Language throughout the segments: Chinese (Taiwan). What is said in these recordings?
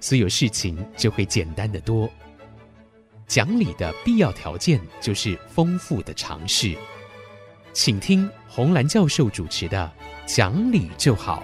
所有事情就會簡單得多。講理的必要條件就是豐富的常識。請聽洪蘭教授主持的《講理就好》，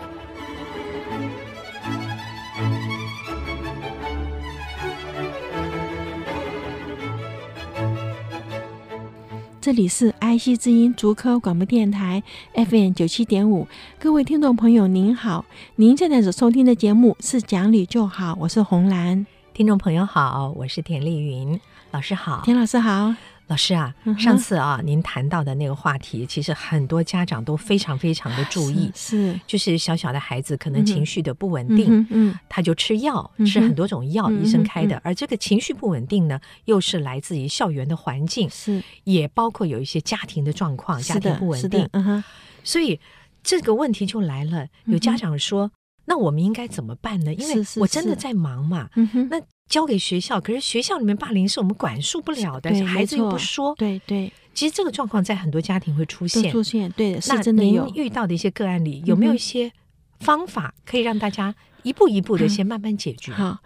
這裡是。愛西之音竹科廣播電台 FM 九七點五，各位聽眾朋友您好，您現在所收聽的節目是講理就好，我是洪蘭，聽眾朋友好，我是田麗雲老師好，田老師好。老師、哦、啊，上次啊，您談到的那個話題，uh huh. 其實很多家長都非常非常的注意，是，是就是小小的孩子可能情緒的不穩定，嗯、uh，huh. 他就吃藥，uh huh. 吃很多種藥，uh huh. 醫生開的，而這個情緒不穩定呢，又是來自於校園的環境，是、uh huh. 也包括有一些家庭的狀況，uh huh. 家庭不穩定，嗯哼，uh huh. 所以這個問題就來了，有家長說。Uh huh. 那我們應該怎麼辦呢？因為我真的在忙嘛。是是是嗯、那交給學校，可是學校裡面霸凌是我們管束不了的，孩子又不說。對對，其實這個狀況在很多家庭會出現。都出現對，那是真的有。您遇到的一些個案裡，嗯、有沒有一些方法可以讓大家一步一步的先慢慢解決？哈、嗯嗯，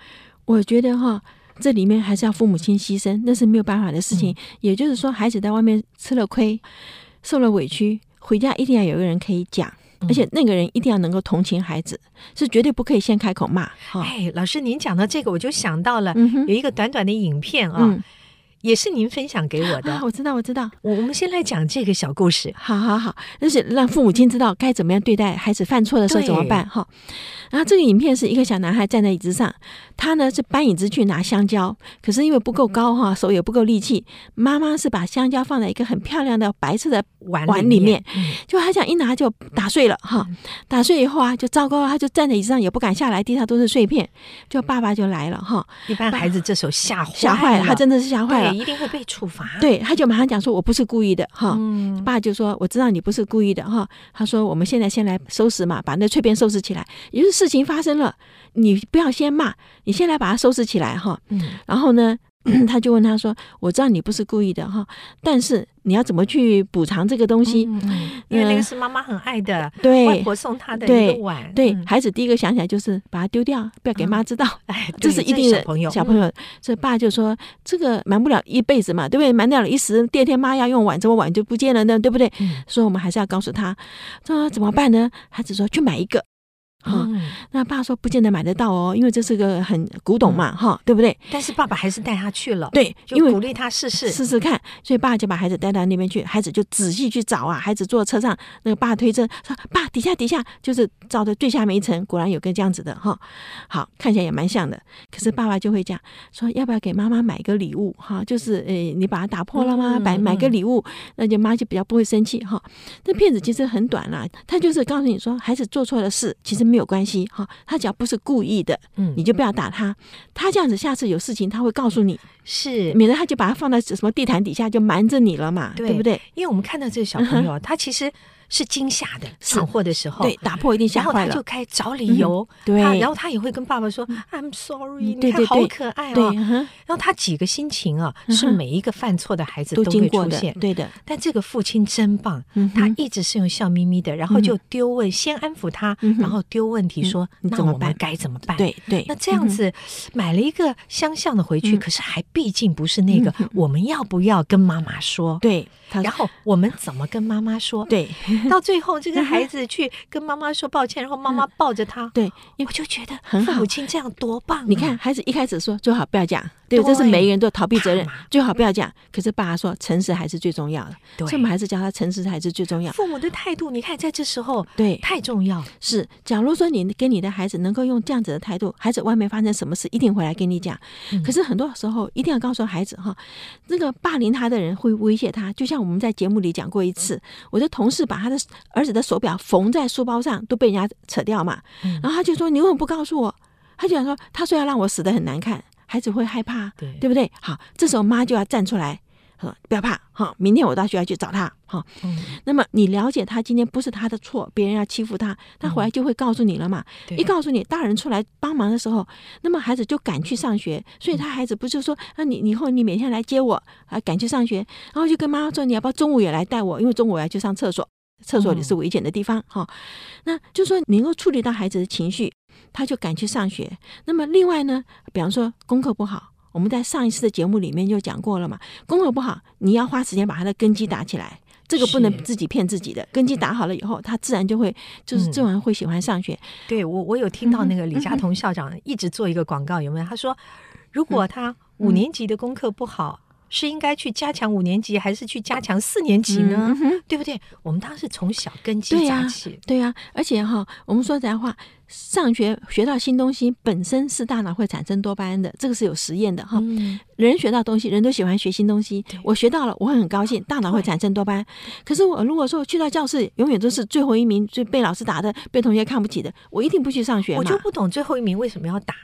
我覺得哈，這裡面還是要父母親犧牲，那是沒有辦法的事情。嗯、也就是說，孩子在外面吃了虧、受了委屈，回家一定要有個人可以講。而且那個人一定要能夠同情孩子，是絕對不可以先開口罵。哎，老師，您講到這個，我就想到了有一個短短的影片啊、哦。嗯也是您分享給我的，啊、我知道，我知道。我我們先來講這個小故事，好好好，就是讓父母親知道該怎麼樣對待孩子犯錯的時候怎麼辦哈。對然後這個影片是一個小男孩站在椅子上，他呢是搬椅子去拿香蕉，可是因為不夠高哈，手也不夠力氣。媽媽是把香蕉放在一個很漂亮的白色的碗裡碗裡面，就他想一拿就打碎了哈，嗯、打碎以後啊就糟糕了，他就站在椅子上也不敢下來，地上都是碎片。就爸爸就來了哈，一般孩子這時候嚇壞怕嚇壞了，他真的是嚇壞了。也一定會被處罰。對，他就馬上講說：“我不是故意的，哈。嗯”爸就說：“我知道你不是故意的，哈。”他說：“我們現在先來收拾嘛，把那碎片收拾起來。於是事情發生了，你不要先罵，你先來把它收拾起來，哈。”嗯，然後呢？ 他就問他說：“我知道你不是故意的哈，但是你要怎麼去補償這個東西？嗯、因為那個是媽媽很愛的，呃、對外婆送他的一個碗。對，對、嗯、孩子，第一個想起來就是把它丟掉，不要給媽知道。哎、嗯，這是一定是小朋友，小朋友，這爸就說這個瞞不了一輩子嘛，對不對？瞞不了一時，第二天媽要用碗，怎麼，碗就不見了呢，對不對？所以、嗯、我們還是要告訴他，說怎麼辦呢？孩子說去買一個。”嗯，那爸說不見得買得到哦，因為這是個很古董嘛，哈，對不對？但是爸爸還是帶他去了，對，因為鼓勵他試試試試看，所以爸就把孩子帶到那邊去，孩子就仔細去找啊。孩子坐車上，那個爸推車說：“爸，底下底下就是照的最下面一層，果然有個這樣子的哈，好看起來也蠻像的。可是爸爸就會講說，要不要給媽媽買個禮物？哈，就是誒你把它打破了嘛，買、嗯、買個禮物，那就媽就比較不會生氣哈。那片子其實很短了、啊，他就是告訴你說，孩子做錯了事，其實沒。有關係哈，他只要不是故意的，嗯，你就不要打他。他這樣子，下次有事情他會告訴你，是，免得他就把他放在什麼地毯底下，就瞞着你了嘛，對不對？因為我們看到這個小朋友，他其實是驚嚇的，闖禍的時候，對，打破一定嚇壞了，然後他就開始找理由，對，然後他也會跟爸爸說：“I'm sorry。”你看，好可愛啊。然後他幾個心情啊，是每一個犯錯的孩子都會出現。對的。但這個父親真棒，他一直是用笑眯眯的，然後就丟問，先安撫他，然後丟問題說：“那我們該怎麼辦？”對對。那這樣子買了一個相像的回去，可是還畢竟不是那個。我們要不要跟媽媽說？對。然後我們怎麼跟媽媽說？對。到最後這個孩子去跟媽媽說抱歉，然後媽媽抱着他。對。我就覺得很好，母親這樣多棒。你看，孩子一開始說：“最好不要講。”對。對，對，這是每一個人都逃避責任，嘛最好不要講，可是爸爸說，誠實還是最重要的，所以我們還是教他誠實才是最重要。父母的態度，你看在這時候，對，太重要了。是，假如說你跟你的孩子能夠用這樣子的態度，孩子外面發生什麼事，一定會來跟你講。可是很多時候，一定要告訴孩子、嗯、哈，那個霸凌他的人會威脅他，就像我們在節目裡講過一次，我的同事把他的兒子的手錶縫在書包上，都被人家扯掉嘛。然後他就說：“嗯、你為什麼不告訴我？”他就想說：“他說要讓我死得很難看。”孩子會害怕，對，對不對？好，這時候媽就要站出來，不要怕，哈，明天我到學校去找他，哈。嗯、那麼你了解他今天不是他的錯，別人要欺負他，他回來就會告訴你了嘛。嗯、一告訴你，大人出來幫忙的時候，那麼孩子就敢去上學。嗯、所以他孩子不是說，那、嗯啊、你以後你每天來接我，啊，敢去上學。然後就跟媽媽說，嗯、你要不要中午也來帶我？因為中午我要去上廁所，廁所裡是危險的地方，哈、嗯哦，那就說你能夠處理到孩子的情緒。他就敢去上學。那麼另外呢，比方說功課不好，我們在上一次的節目裡面就講過了嘛。功課不好，你要花時間把他的根基打起來，嗯、這個不能自己騙自己的。是根基打好了以後，他自然就會、嗯、就是這種人會喜歡上學。對，我我有聽到那個李家同校長一直做一個廣告，嗯、有沒有？他說，如果他五年級的功課不好。嗯嗯是應該去加強五年級，還是去加強四年級呢？嗯、對不對？我們當然是從小根基扎起對、啊。對呀、啊，而且哈、哦，我們說實在話，上學學到新東西，本身是大腦會產生多巴胺的，這個是有實驗的哈。哦嗯、人學到東西，人都喜歡學新東西。對我學到了，我很高興，大腦會產生多巴胺。對可是我如果說去到教室，永遠都是最後一名，就被老師打的，被同學看不起的，我一定不去上學。我就不懂最後一名為什麼要打。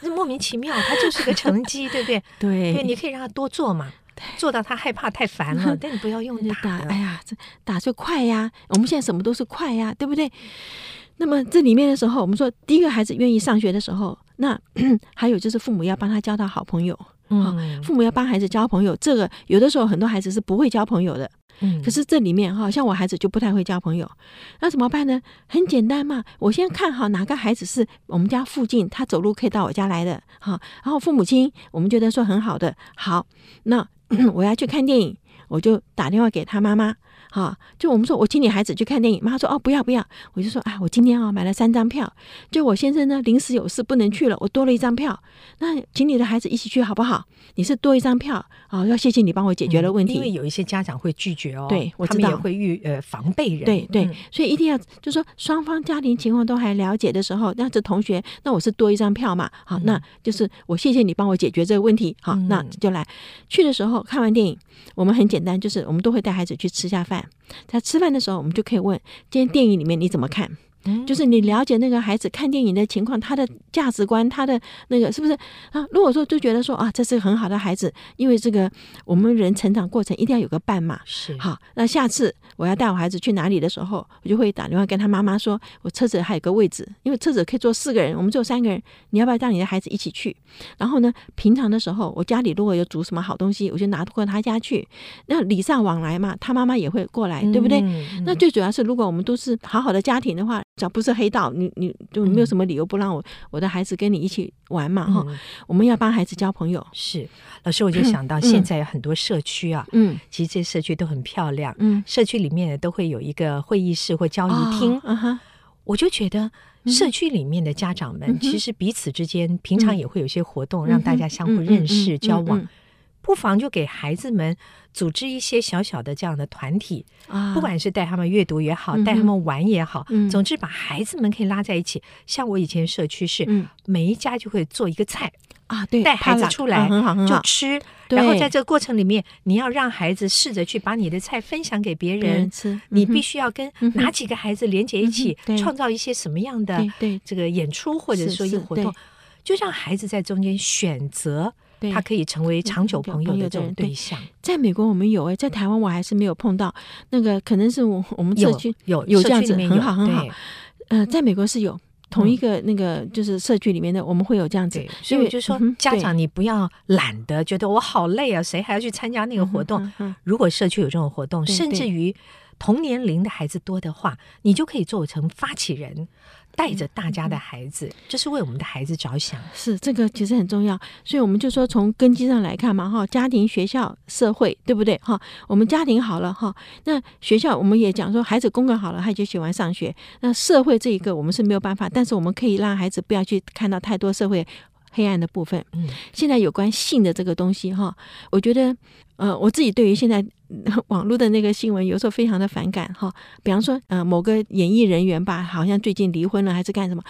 那莫名其妙，他就是個成績， 對不對？對，對，你可以讓他多做嘛，對做到他害怕太煩了。嗯、但你不要用那打、打，哎呀，這打最快呀！我們現在什麼都是快呀，對不對？嗯、那麼這裡面的時候，我們說第一個孩子願意上學的時候，那 還有就是父母要幫他交到好朋友。嗯、哦，父母要幫孩子交朋友，這個有的時候很多孩子是不會交朋友的。可是這裡面哈，像我孩子就不太會交朋友，那怎麼辦呢？很簡單嘛，我先看好哪個孩子是我們家附近，他走路可以到我家來的哈。然後父母親，我們覺得說很好的，好，那 我要去看電影，我就打電話給他媽媽。啊，就我們說，我請你孩子去看電影。媽說哦，不要不要。我就說啊、哎，我今天啊、哦、買了三張票，就我先生呢臨時有事不能去了，我多了一張票，那請你的孩子一起去好不好？你是多一張票啊、哦，要謝謝你幫我解決了問題、嗯。因為有一些家長會拒絕哦，對我知道，會預呃防備人。對對，對嗯、所以一定要就說雙方家庭情況都還了解的時候，那這同學，那我是多一張票嘛，好，那就是我謝謝你幫我解決這個問題，好，那就來、嗯、去的時候看完電影，我們很簡單，就是我們都會帶孩子去吃下飯。在吃飯的時候，我們就可以問：今天電影裡面你怎麼看？就是你了解那個孩子看電影的情況，他的價值觀，他的那個是不是啊？如果說就覺得說啊，這是個很好的孩子，因為這個我們人成長過程一定要有個伴嘛。是。好，那下次我要帶我孩子去哪裡的時候，我就會打電話跟他媽媽說，我車子還有個位置，因為車子可以坐四個人，我們坐三個人，你要不要帶你的孩子一起去？然後呢，平常的時候，我家裡如果有煮什麼好東西，我就拿過他家去，那禮尚往來嘛，他媽媽也會過來，對不對？嗯、那最主要是，如果我們都是好好的家庭的話。只要不是黑道，你你就沒有什麼理由不讓我、嗯、我的孩子跟你一起玩嘛。哈、嗯，我們要幫孩子交朋友。是老師，我就想到現在有很多社區啊，嗯，其實這些社區都很漂亮，嗯、社區裡面都會有一個會議室或交誼廳。哦嗯、我就覺得社區裡面的家長們其實彼此之間平常也會有一些活動，嗯嗯、讓大家相互認識、交往、嗯。嗯嗯嗯嗯嗯不妨就給孩子們組織一些小小的這樣的團體，啊，不管是帶他們閱讀也好，帶他們玩也好，總之把孩子們可以拉在一起。像我以前社區是，每一家就會做一個菜啊，帶孩子出來就吃，然後在這個過程裡面，你要讓孩子試着去把你的菜分享給別人吃，你必須要跟哪幾個孩子連接一起，創造一些什麼樣的這個演出或者說一個活動，就讓孩子在中間選擇。他可以成為長久朋友的這種對象。在美國，我們有誒，在台灣我還是沒有碰到。那個可能是我，我們社區有，有這樣子很好很好。嗯，在美國是有同一個那個就是社區裡面的，我們會有這樣子。所以我就說，家長你不要懶得，覺得我好累啊，誰還要去參加那個活動？如果社區有這種活動，甚至於同年齡的孩子多的話，你就可以做成發起人。帶着大家的孩子，就是為我們的孩子着想，是這個其實很重要。所以我們就說，從根基上來看嘛，哈，家庭、學校、社會，對不對？哈，我們家庭好了，哈，那學校我們也講說，孩子功課好了，他就喜歡上學。那社會這一個我們是沒有辦法，但是我們可以讓孩子不要去看到太多社會黑暗的部分，現在有關性的這個東西哈，我覺得，呃，我自己對於現在網絡的那個新聞，有時候非常的反感哈。比方說，呃，某個演藝人員吧，好像最近離婚了還是幹什麼，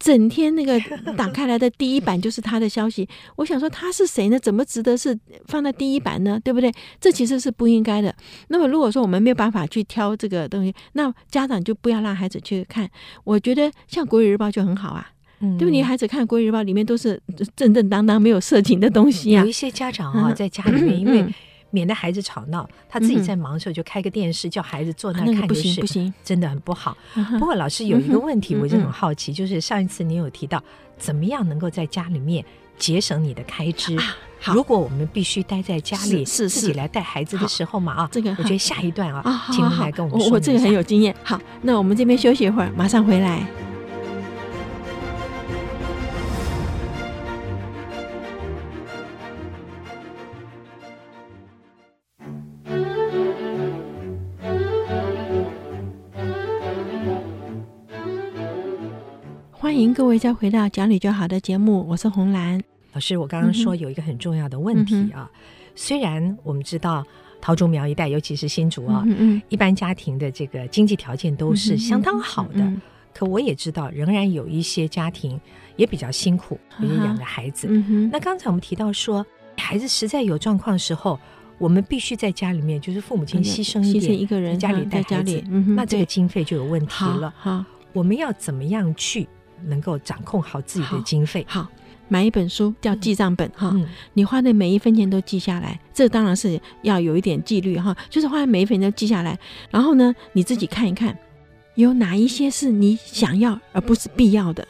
整天那個打開來的第一版就是他的消息。 我想說他是誰呢？怎麼值得是放在第一版呢？對不對？這其實是不應該的。那麼如果說我們沒有辦法去挑這個東西，那家長就不要讓孩子去看。我覺得像《國語日報》就很好啊。對不起，不你孩子看《國語日報》，裡面都是正正當當、沒有色情的東西啊、嗯嗯嗯。有一些家長啊，在家裡面，嗯、因為免得孩子吵鬧，嗯嗯、他自己在忙的時候就開個電視，叫孩子坐看、嗯、那看，電視。不行，真的很不好。嗯嗯、不過老師有一個問題，我就很好奇，嗯嗯嗯、就是上一次你有提到，怎麼樣能夠在家裡面節省你的開支？啊、好，如果我們必須待在家裡，是自己來帶孩子的時候嘛？啊，這個我覺得下一段啊，請您來跟我們說一下。我，我這個很有經驗。好，那我們這邊休息一會兒，馬上回來。歡迎各位再回到講理就好的節目，我是洪蘭老師。我剛剛說有一個很重要的問題啊，嗯、哼雖然我們知道桃竹苗一帶，尤其是新竹啊，嗯嗯，一般家庭的這個經濟條件都是相當好的，嗯嗯，可我也知道仍然有一些家庭也比較辛苦，比如養個孩子。嗯、哼那剛才我們提到說，孩子實在有狀況的時候，我們必須在家裡面，就是父母親犧牲一點，嗯、一個人在家裡帶、嗯嗯、那這個經費就有問題了哈。嗯、我們要怎麼樣去？能夠掌控好自己的經費，好，好買一本書叫記賬本、嗯、哈，嗯、你花的每一分錢都記下來，這當然是要有一點紀律哈，就是花的每一分錢都記下來，然後呢，你自己看一看，嗯、有哪一些是你想要而不是必要的，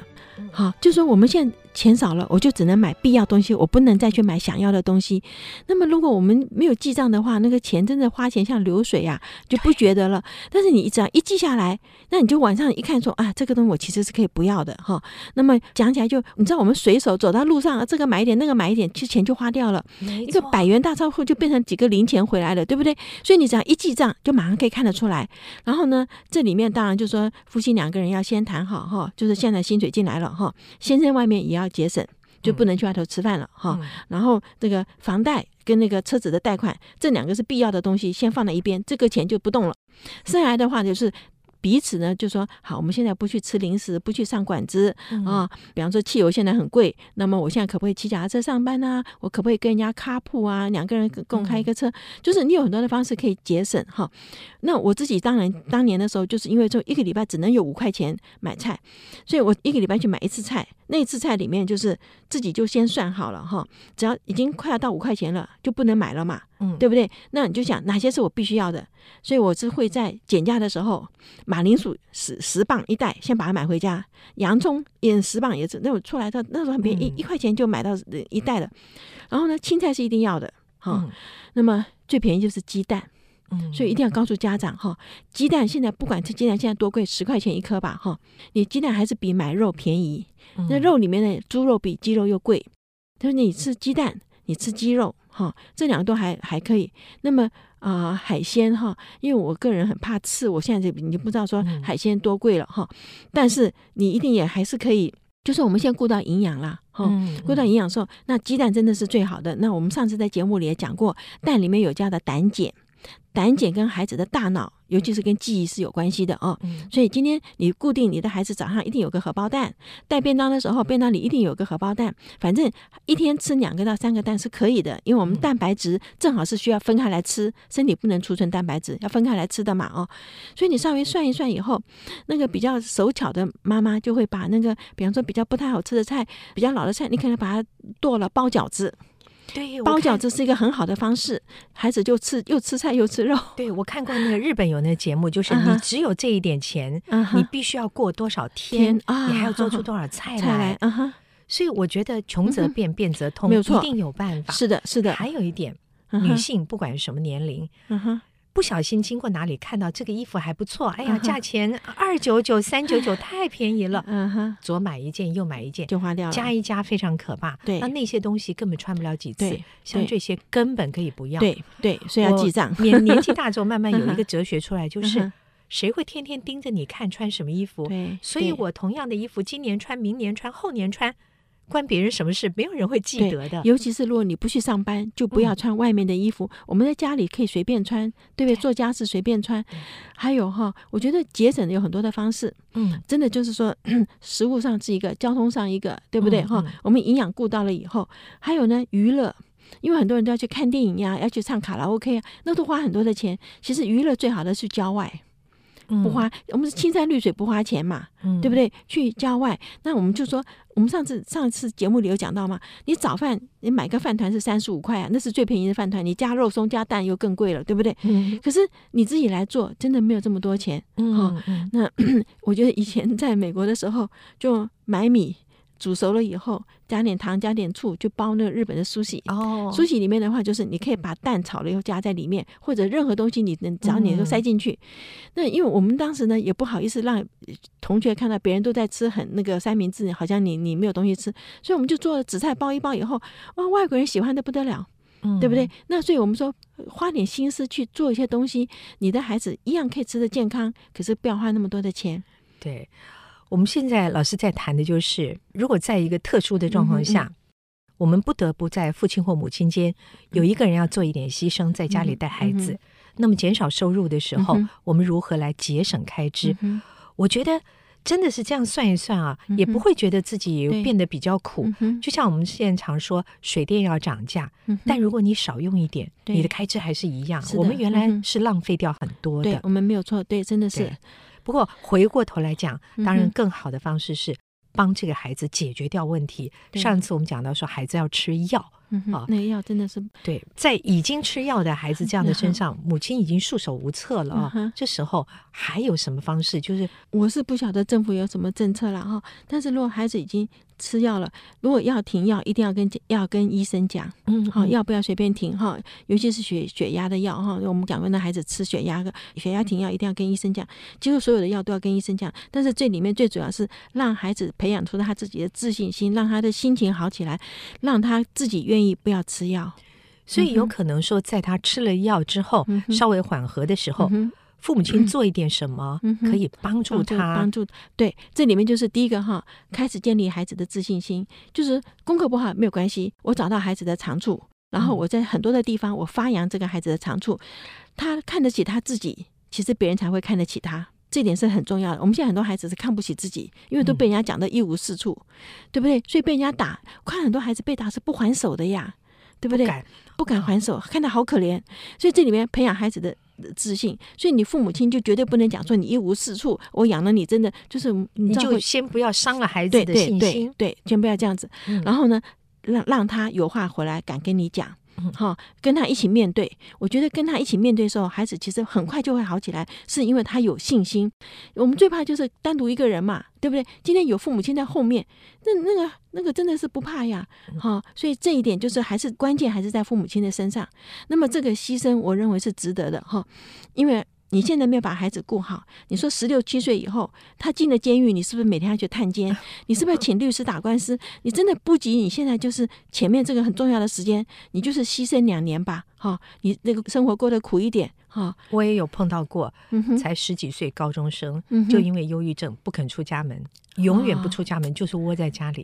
好、嗯，就說我們現在。錢少了，我就只能買必要東西，我不能再去買想要的東西。那麼，如果我們沒有記賬的話，那個錢真的花錢像流水呀、啊，就不覺得了。對但是你只要一記下來，那你就晚上一看說啊，這個東西我其實是可以不要的哈。那麼講起來就，你知道我們隨手走到路上，這個買一點，那個買一點，其實錢就花掉了，錯一個百元大鈔票就變成幾個零錢回來了，對不對？所以你只要一記賬，就馬上可以看得出來。然後呢，這裡面當然就說夫妻兩個人要先談好哈，就是現在薪水進來了哈，先生外面也。要節省，就不能去外頭吃飯了哈。嗯，然後這個房貸跟那個車子的貸款，這兩個是必要的東西，先放在一邊，這個錢就不動了。剩下來的話就是。彼此呢就說好，我們現在不去吃零食，不去上館子啊。比方說，汽油現在很貴，那麼我現在可不可以騎腳踏車上班呢、啊？我可不可以跟人家卡鋪啊，兩個人共開一個車？嗯、就是你有很多的方式可以節省哈。那我自己當然當年的時候，就是因為說一個禮拜只能有五塊錢買菜，所以我一個禮拜去買一次菜。那一次菜裡面就是自己就先算好了哈，只要已經快要到五塊錢了，就不能買了嘛，嗯、對不對？那你就想哪些是我必須要的，所以我是會在減價的時候。馬鈴薯十十磅一袋，先把它買回家。洋蔥也十磅也是，那種出來的那種，很便宜，嗯、一塊錢就買到一袋的。然後呢，青菜是一定要的哈。哦嗯、那麼最便宜就是雞蛋，嗯、所以一定要告訴家長哈，雞、哦、蛋現在不管吃雞蛋現在多貴，十塊錢一顆吧哈、哦。你雞蛋還是比買肉便宜，嗯、那肉裡面的豬肉比雞肉又貴。就是、嗯、你吃雞蛋，你吃雞肉哈、哦，這兩個都還還可以。那麼。啊、呃，海鮮哈，因為我個人很怕刺，我現在這你就不知道說海鮮多貴了哈，嗯、但是你一定也還是可以，就是我們先顧到營養啦，哈、嗯嗯，顧到營養的時候，那雞蛋真的是最好的。那我們上次在節目裡也講過，蛋裡面有加的膽鹼。膽鹼跟孩子的大腦，尤其是跟記憶是有關係的哦。所以今天你固定你的孩子早上一定有個荷包蛋，帶便當的時候，便當裡一定有個荷包蛋。反正一天吃兩個到三個蛋是可以的，因為我們蛋白質正好是需要分開來吃，身體不能儲存蛋白質，要分開來吃的嘛哦。所以你稍微算一算以後，那個比較手巧的媽媽就會把那個，比方說比較不太好吃的菜，比較老的菜，你可能把它剁了包餃子。包餃子是一個很好的方式，孩子就吃又吃菜又吃肉。對，我看過那個日本有那個節目，就是你只有這一點錢，uh、huh, 你必須要過多少天，uh、huh, 你還要做出多少菜來。所以我覺得窮則變，變、uh huh, 則通，沒有錯，一定有辦法。是的，是的。還有一點，uh、huh, 女性不管是什麼年齡。Uh huh, uh huh, 不小心經過哪裡看到這個衣服還不錯，哎呀，價錢二九九三九九太便宜了，嗯哼，左買一件右買一件就花掉了加一加非常可怕。對，那那些東西根本穿不了幾次，對像這些根本可以不要。對對，所以要記賬。年 年紀大之後慢慢有一個哲學出來，就是、嗯、哼誰會天天盯着你看穿什麼衣服？對，所以我同樣的衣服今年穿，明年穿，後年穿。關別人什麼事？沒有人會記得的。尤其是如果你不去上班，就不要穿外面的衣服。嗯、我們在家裡可以隨便穿，對不對？做家事隨便穿。嗯、還有哈，我覺得節省有很多的方式。嗯，真的就是說呵呵，食物上是一個，交通上一個，對不對？哈、嗯，嗯、我們營養顧到了以後，還有呢，娛樂，因為很多人都要去看電影呀，要去唱卡拉 OK 呀，那都花很多的錢。其實娛樂最好的是郊外。不花，嗯、我們是青山綠水不花錢嘛，嗯、對不對？去郊外，那我們就說，我們上次上次節目裡有講到嘛，你早飯你買個飯糰是三十五塊啊，那是最便宜的飯糰，你加肉鬆加蛋又更貴了，對不對？嗯、可是你自己來做，真的沒有這麼多錢啊。哦嗯嗯、那 我覺得以前在美國的時候，就買米。煮熟了以後，加點糖，加點醋，就包那個日本的壽司。哦。Oh, 壽司裡面的話，就是你可以把蛋炒了以後加在裡面，嗯、或者任何東西你，你能只要你都塞進去。嗯、那因為我們當時呢也不好意思讓同學看到別人都在吃很那個三明治，好像你你沒有東西吃，所以我們就做了紫菜包一包以後，哇、哦，外國人喜歡的不得了，嗯、對不對？那所以我們說花點心思去做一些東西，你的孩子一樣可以吃得健康，可是不要花那麼多的錢。對。我們現在老師在談的就是，如果在一個特殊的狀況下，我們不得不在父親或母親間有一個人要做一點犧牲，在家裡帶孩子，那麼減少收入的時候，我們如何來節省開支？我覺得真的是這樣算一算啊，也不會覺得自己變得比較苦。就像我們現場說，水電要漲價，但如果你少用一點，你的開支還是一樣。我們原來是浪費掉很多的，對，我們沒有錯，對，真的是。不過回過頭來講，當然更好的方式是幫這個孩子解決掉問題。嗯、哼上次我們講到說，孩子要吃藥啊，對哦、那藥真的是對在已經吃藥的孩子這樣的身上，嗯、哼母親已經束手無策了啊、嗯哼哦。這時候還有什麼方式？就是我是不曉得政府有什麼政策了啊。但是如果孩子已經吃藥了，如果要停藥，一定要跟要跟醫生講，嗯，嗯，好，藥不要隨便停哈。尤其是血血壓的藥哈，我們講過，那孩子吃血壓的血壓停藥，一定要跟醫生講。幾乎所有的藥都要跟醫生講，但是這裡面最主要是讓孩子培養出他自己的自信心，讓他的心情好起來，讓他自己願意不要吃藥。所以有可能說，在他吃了藥之後，嗯哼，稍微緩和的時候。嗯父母親做一點什麼、嗯、哼可以幫助他？幫助對，這裡面就是第一個哈，開始建立孩子的自信心。就是功課不好沒有關係，我找到孩子的長處，然後我在很多的地方我發揚這個孩子的長處，他看得起他自己，其實別人才會看得起他。這點是很重要的。我們現在很多孩子是看不起自己，因為都被人家講得一無是處，對不對？所以被人家打，看很多孩子被打是不還手的呀，對不對？不敢，不敢還手，啊、看他好可憐。所以這裡面培養孩子的。自信，所以你父母親就絕對不能講說你一無是處，我養了你真的就是你，你就先不要傷了孩子的信心，對，對，對，對，先不要這樣子，嗯，然後呢，讓讓他有話回來敢跟你講。嗯、哦、跟他一起面對，我覺得跟他一起面對的時候，孩子其實很快就會好起來，是因為他有信心。我們最怕就是單獨一個人嘛，對不對？今天有父母親在後面，那那個那個真的是不怕呀，哈、哦。所以這一點就是還是關鍵，還是在父母親的身上。那麼這個犧牲，我認為是值得的哈、哦，因為。你現在沒有把孩子顧好，你說十六七歲以後他進了監獄，你是不是每天要去探監？你是不是要請律師打官司？你真的不急？你現在就是前面這個很重要的時間，你就是犧牲兩年吧，哈、哦，你那個生活過得苦一點，哈、哦。我也有碰到過，才十幾歲高中生，嗯、哼就因為憂鬱症不肯出家門，嗯、哼永遠不出家門，就是窩在家裡，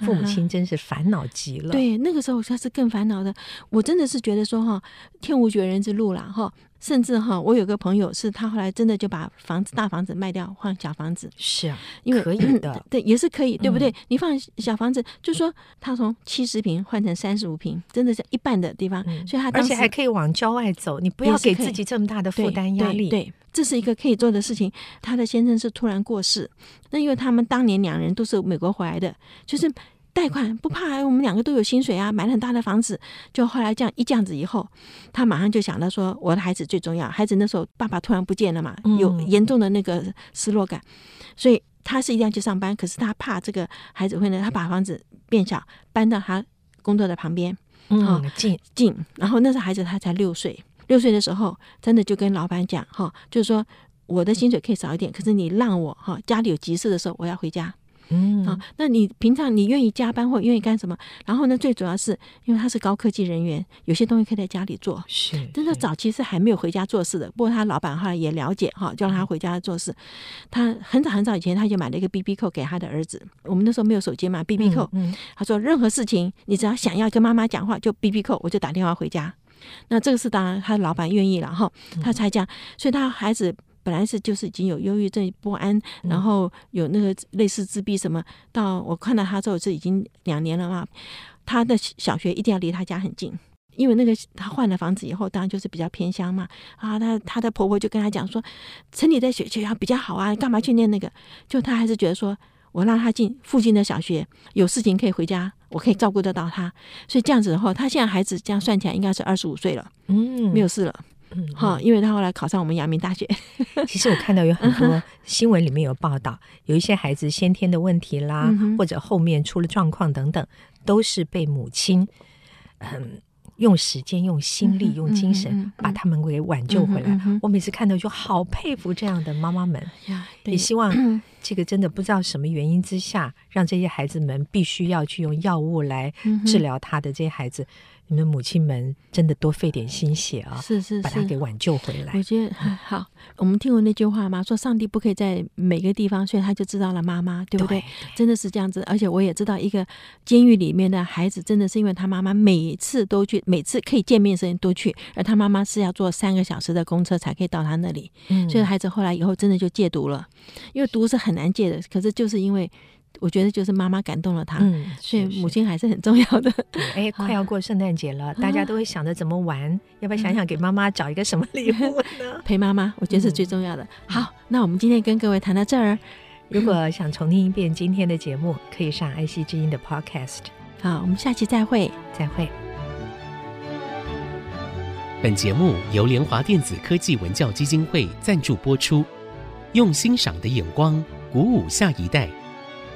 啊、父母親真是煩惱極了。對，那個時候他是更煩惱的。我真的是覺得說，哈，天無絕人之路了，哈、哦。甚至哈，我有個朋友是他後來真的就把房子，大房子賣掉換小房子，是啊，因為可以的、嗯，對，也是可以，對不對？嗯、你放小房子，就說他從七十平換成三十五平，真的是一半的地方，嗯、所以他當時而且還可以往郊外走，你不要給自己這麼大的負擔壓力，對對對，對，這是一個可以做的事情。他的先生是突然過世，那因為他們當年兩人都是美國回來的，就是。貸款不怕、哎，我們兩個都有薪水啊，買了很大的房子。就後來這樣一這樣子以後，他馬上就想到說，我的孩子最重要。孩子那時候爸爸突然不見了嘛，有嚴重的那個失落感，嗯、所以他是一定要去上班。可是他怕這個孩子會呢，他把房子變小，搬到他工作的旁邊，嗯，近、哦、近。然後那時候孩子他才六歲，六歲的時候真的就跟老闆講，哈、哦，就是說我的薪水可以少一點，可是你讓我哈、哦、家裡有急事的時候我要回家。嗯啊、 哦，那你平常你願意加班或願意幹什麼？然後呢，最主要是因為他是高科技人員，有些東西可以在家裡做。真的是早期是還沒有回家做事的。不過他老闆後來也了解哈，叫、哦、他回家做事。他很早很早以前他就買了一個 BB 扣給他的兒子。我們那時候沒有手機嘛，BB 扣。 他說任何事情，你只要想要跟媽媽講話，就 BB 扣，我就打電話回家。那這個是當然他的老闆願意了哈，然後他才講。所以他孩子。本來是就是已經有憂鬱症、不安，然後有那個類似自閉什麼。到我看到他之後是已經兩年了嘛。他的小學一定要離他家很近，因為那個他換了房子以後，當然就是比較偏鄉嘛。啊，他他的婆婆就跟他講說，城裡的學校比較好啊，幹嘛去念那個？就他還是覺得說我讓他進附近的小學，有事情可以回家，我可以照顧得到他。所以這樣子的話，他現在孩子這樣算起來應該是二十五歲了，嗯，沒有事了。哈嗯嗯，因為他後來考上我們陽明大學。 其實我看到有很多新聞裡面有報道，嗯、哼有一些孩子先天的問題啦，嗯、哼或者後面出了狀況等等，嗯、哼都是被母親嗯用時間、用心力、用精神、嗯、哼把他們給挽救回來。嗯、哼我每次看到就好佩服這樣的媽媽們，哎、也希望這個真的不知道什麼原因之下，讓這些孩子們必須要去用藥物來治療他的這些孩子。嗯你們母親們真的多費點心血啊、哦！是，是是，把他給挽救回來。我覺得好，我們聽過那句話嗎？說上帝不可以在每個地方，所以他就知道了媽媽，對不對？對對。真的是這樣子。而且我也知道一個監獄裡面的孩子，真的是因為他媽媽每次都去，每次可以見面的時候都去，而他媽媽是要坐三個小時的公車才可以到他那裡。嗯，所以孩子後來以後真的就戒毒了，因為毒是很難戒的。可是就是因為。我覺得就是媽媽感動了她，所以、嗯、母親還是很重要的。嗯、是是 哎，快要過聖誕節了，啊、大家都會想着怎麼玩，啊、要不要想想給媽媽找一個什麼禮物呢？嗯、陪媽媽，我覺得是最重要的。嗯、好，那我們今天跟各位談到這兒。嗯、如果想重聽一遍今天的節目，可以上 IC 之音的 Podcast。嗯、好，我們下期再會，再會。本節目由聯華電子科技文教基金會贊助播出，用欣賞的眼光鼓舞下一代。